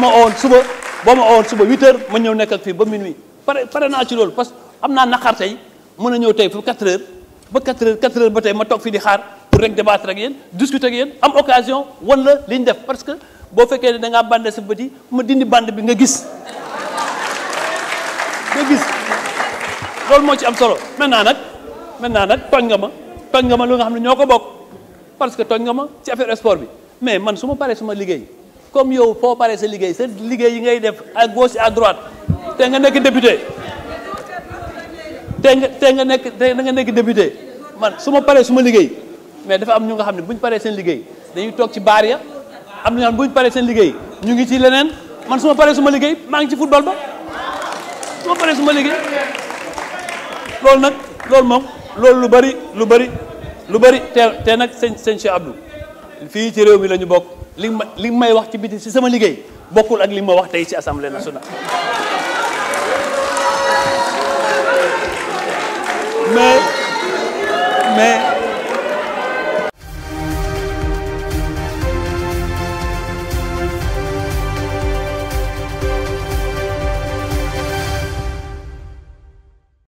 ma owoon suba boo ma suba 8 ma ñëw nekkal fii ba minuit pare pare naa ci loolu parce que am naa naqar tey mën a ñëw tey fu 4 heures ba 4 heures 4 heures ba tey ma toog fii di xaar pour rek débattre ak yéen discuter ak yéen am occasion wan la li ñu def parce que boo fekkee ne da ngaa bandé sa bët yi ma dindi bande bi nga gis nga gis loolu moo ci am solo maintenant nag maintenant nag tooñ nga ma tooñ nga ma lu nga xam ne ñoo ko bokk parce que tooñ nga ma ci affaire bi mais man su ma paree suma liggéey comme yow foo paree sa liggéey seen liggéey yi ngay def ak à gauche à droite te nga nekk député te nga nga nekk te nga nekk député man su ma paree su ma liggéey mais dafa am ñu nga xam ne bu ñu paree seen liggéey dañuy toog ci baar ya am na ñoo xam ne bu ñu paree seen liggéey ñu ngi ci leneen man su ma paree suma liggéey maa ngi ci football ba su ma paree su ma liggéey loolu nag loolu moom loolu lu bari lu bari lu bari te te nag sëñ sëñ Cheikh Abdou. fii ci réew mi la ñu bokk li ma li may wax ci biti si sama liggéey bokkul ak li ma wax tey ci assemblée nationale. mais.